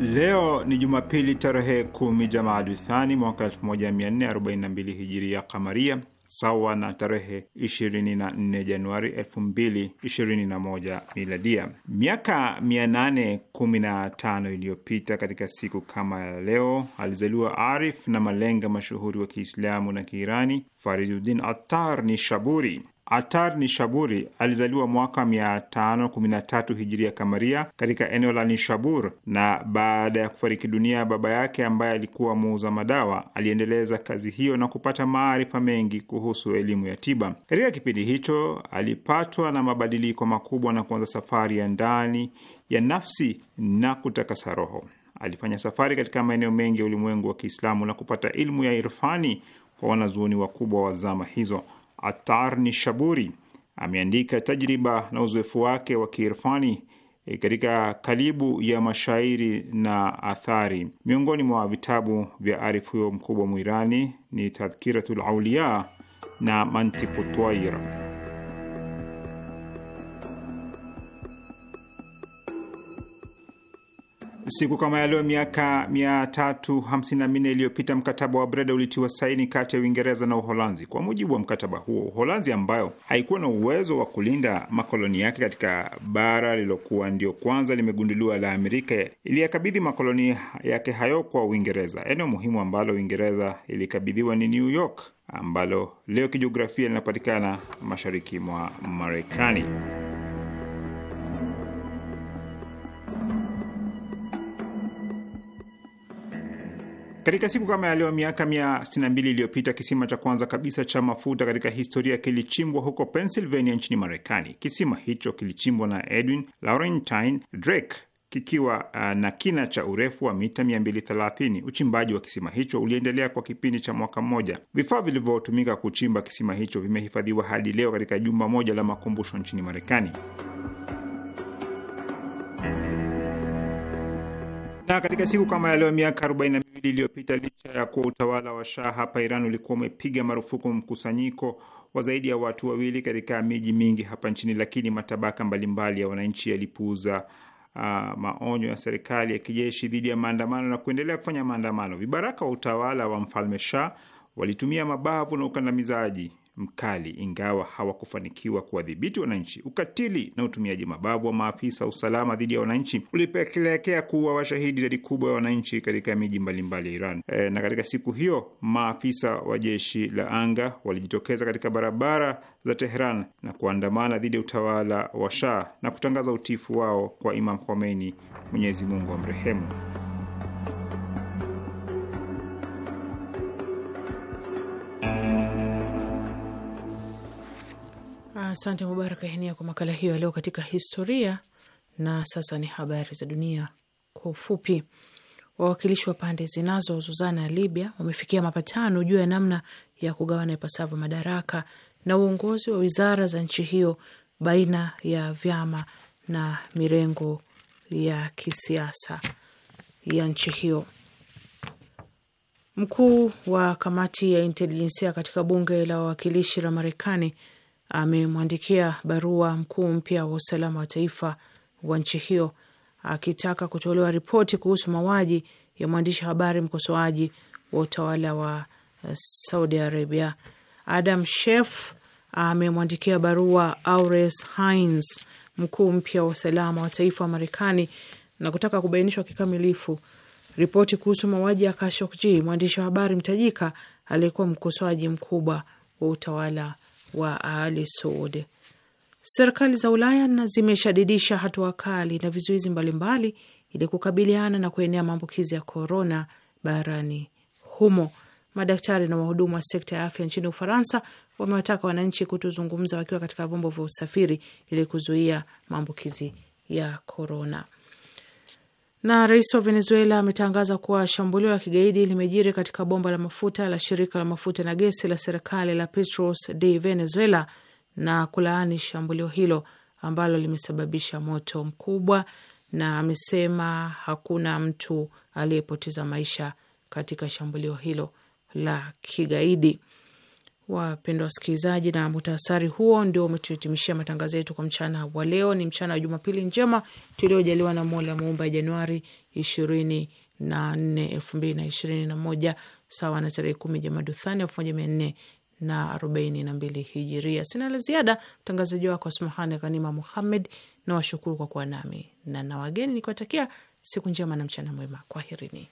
Leo ni Jumapili tarehe kumi Jamaaduthani mwaka 1442 hijiria kamaria sawa na tarehe 24 Januari 2021 miladia. Miaka 815 iliyopita katika siku kama ya leo alizaliwa arif na malenga mashuhuri wa Kiislamu na Kiirani Fariduddin Attar Nishaburi. Atar Nishaburi alizaliwa mwaka 513 hijiria kamaria katika eneo la Nishabur, na baada ya kufariki dunia baba yake ambaye alikuwa muuza madawa, aliendeleza kazi hiyo na kupata maarifa mengi kuhusu elimu ya tiba. Katika kipindi hicho alipatwa na mabadiliko makubwa na kuanza safari ya ndani ya nafsi na kutakasa roho. Alifanya safari katika maeneo mengi ya ulimwengu wa Kiislamu na kupata ilmu ya irfani kwa wanazuoni wakubwa wa zama hizo. Atar Nishaburi ameandika tajriba na uzoefu wake wa kiirfani e, katika kalibu ya mashairi na athari. Miongoni mwa vitabu vya arif huyo mkubwa mwirani ni Tadhkiratul Auliya na Mantiqut Twair. Siku kama ya leo miaka 354 iliyopita mkataba wa Breda ulitiwa saini kati ya Uingereza na Uholanzi. Kwa mujibu wa mkataba huo, Uholanzi ambayo haikuwa na uwezo wa kulinda makoloni yake katika bara lililokuwa ndio kwanza limegunduliwa la Amerika, iliyakabidhi makoloni yake hayo kwa Uingereza. Eneo muhimu ambalo Uingereza ilikabidhiwa ni New York ambalo leo kijiografia linapatikana mashariki mwa Marekani. Katika siku kama ya leo miaka 162 iliyopita kisima cha kwanza kabisa cha mafuta katika historia kilichimbwa huko Pennsylvania nchini Marekani. Kisima hicho kilichimbwa na Edwin Laurentine Drake kikiwa uh, na kina cha urefu wa mita 230. Uchimbaji wa kisima hicho uliendelea kwa kipindi cha mwaka mmoja. Vifaa vilivyotumika kuchimba kisima hicho vimehifadhiwa hadi leo katika jumba moja la makumbusho nchini Marekani. na katika siku kama ya leo miaka Jumapili iliyopita licha ya kuwa utawala wa Shah hapa Iran ulikuwa umepiga marufuku mkusanyiko wa zaidi ya watu wawili katika miji mingi hapa nchini, lakini matabaka mbalimbali ya wananchi yalipuuza uh, maonyo ya serikali ya kijeshi dhidi ya maandamano na kuendelea kufanya maandamano. Vibaraka wa utawala wa mfalme Shah walitumia mabavu na ukandamizaji mkali, ingawa hawakufanikiwa kuwadhibiti wananchi. Ukatili na utumiaji mabavu wa maafisa usalama dhidi ya wananchi ulipelekea kuwa washahidi idadi kubwa ya wananchi katika miji mbalimbali ya Iran. E, na katika siku hiyo maafisa wa jeshi la anga walijitokeza katika barabara za Tehran na kuandamana dhidi ya utawala wa Shah na kutangaza utifu wao kwa Imam Khomeini, Mwenyezi Mungu amrehemu.
Asante Mubaraka Henia kwa makala hiyo yaleo katika historia. Na sasa ni habari za dunia kwa ufupi. Wawakilishi wa pande zinazozozana Libya wamefikia mapatano juu ya namna ya kugawana ipasavyo madaraka na uongozi wa wizara za nchi hiyo baina ya vyama na mirengo ya kisiasa ya nchi hiyo. Mkuu wa kamati ya intelijensia katika bunge la wawakilishi la Marekani amemwandikia barua mkuu mpya wa usalama wa taifa wa nchi hiyo akitaka kutolewa ripoti kuhusu mauaji ya mwandishi habari mkosoaji wa utawala wa uh, Saudi Arabia. Adam Shef amemwandikia barua Aures Hines, mkuu mpya wa usalama wa taifa wa Marekani, na kutaka kubainishwa kikamilifu ripoti kuhusu mauaji ya Kashokji, mwandishi wa habari mtajika aliyekuwa mkosoaji mkubwa wa utawala wa Ali Saud. Serikali za Ulaya na zimeshadidisha hatua kali na vizuizi mbalimbali ili kukabiliana na kuenea maambukizi ya korona barani humo. Madaktari na wahudumu wa sekta ya afya nchini Ufaransa wamewataka wananchi kutozungumza wakiwa katika vyombo vya usafiri ili kuzuia maambukizi ya korona. Na rais wa Venezuela ametangaza kuwa shambulio la kigaidi limejiri katika bomba la mafuta la shirika la mafuta na gesi la serikali la Petros de Venezuela na kulaani shambulio hilo ambalo limesababisha moto mkubwa, na amesema hakuna mtu aliyepoteza maisha katika shambulio hilo la kigaidi. Wapendwa wasikilizaji, na muhtasari huo ndio umetuhitimishia matangazo yetu kwa mchana wa leo. Ni mchana wa Jumapili njema tuliojaliwa na Mola Muumba, Januari ishirini na nne elfu mbili na ishirini na moja sawa na tarehe kumi Jamaduthani elfu moja mia nne na arobaini na mbili Hijiria. Sina la ziada, mtangazaji wako Asmahani Ghanima Muhammed na washukuru kwa kuwa nami na na wageni nikiwatakia siku njema na mchana mwema. Kwaherini.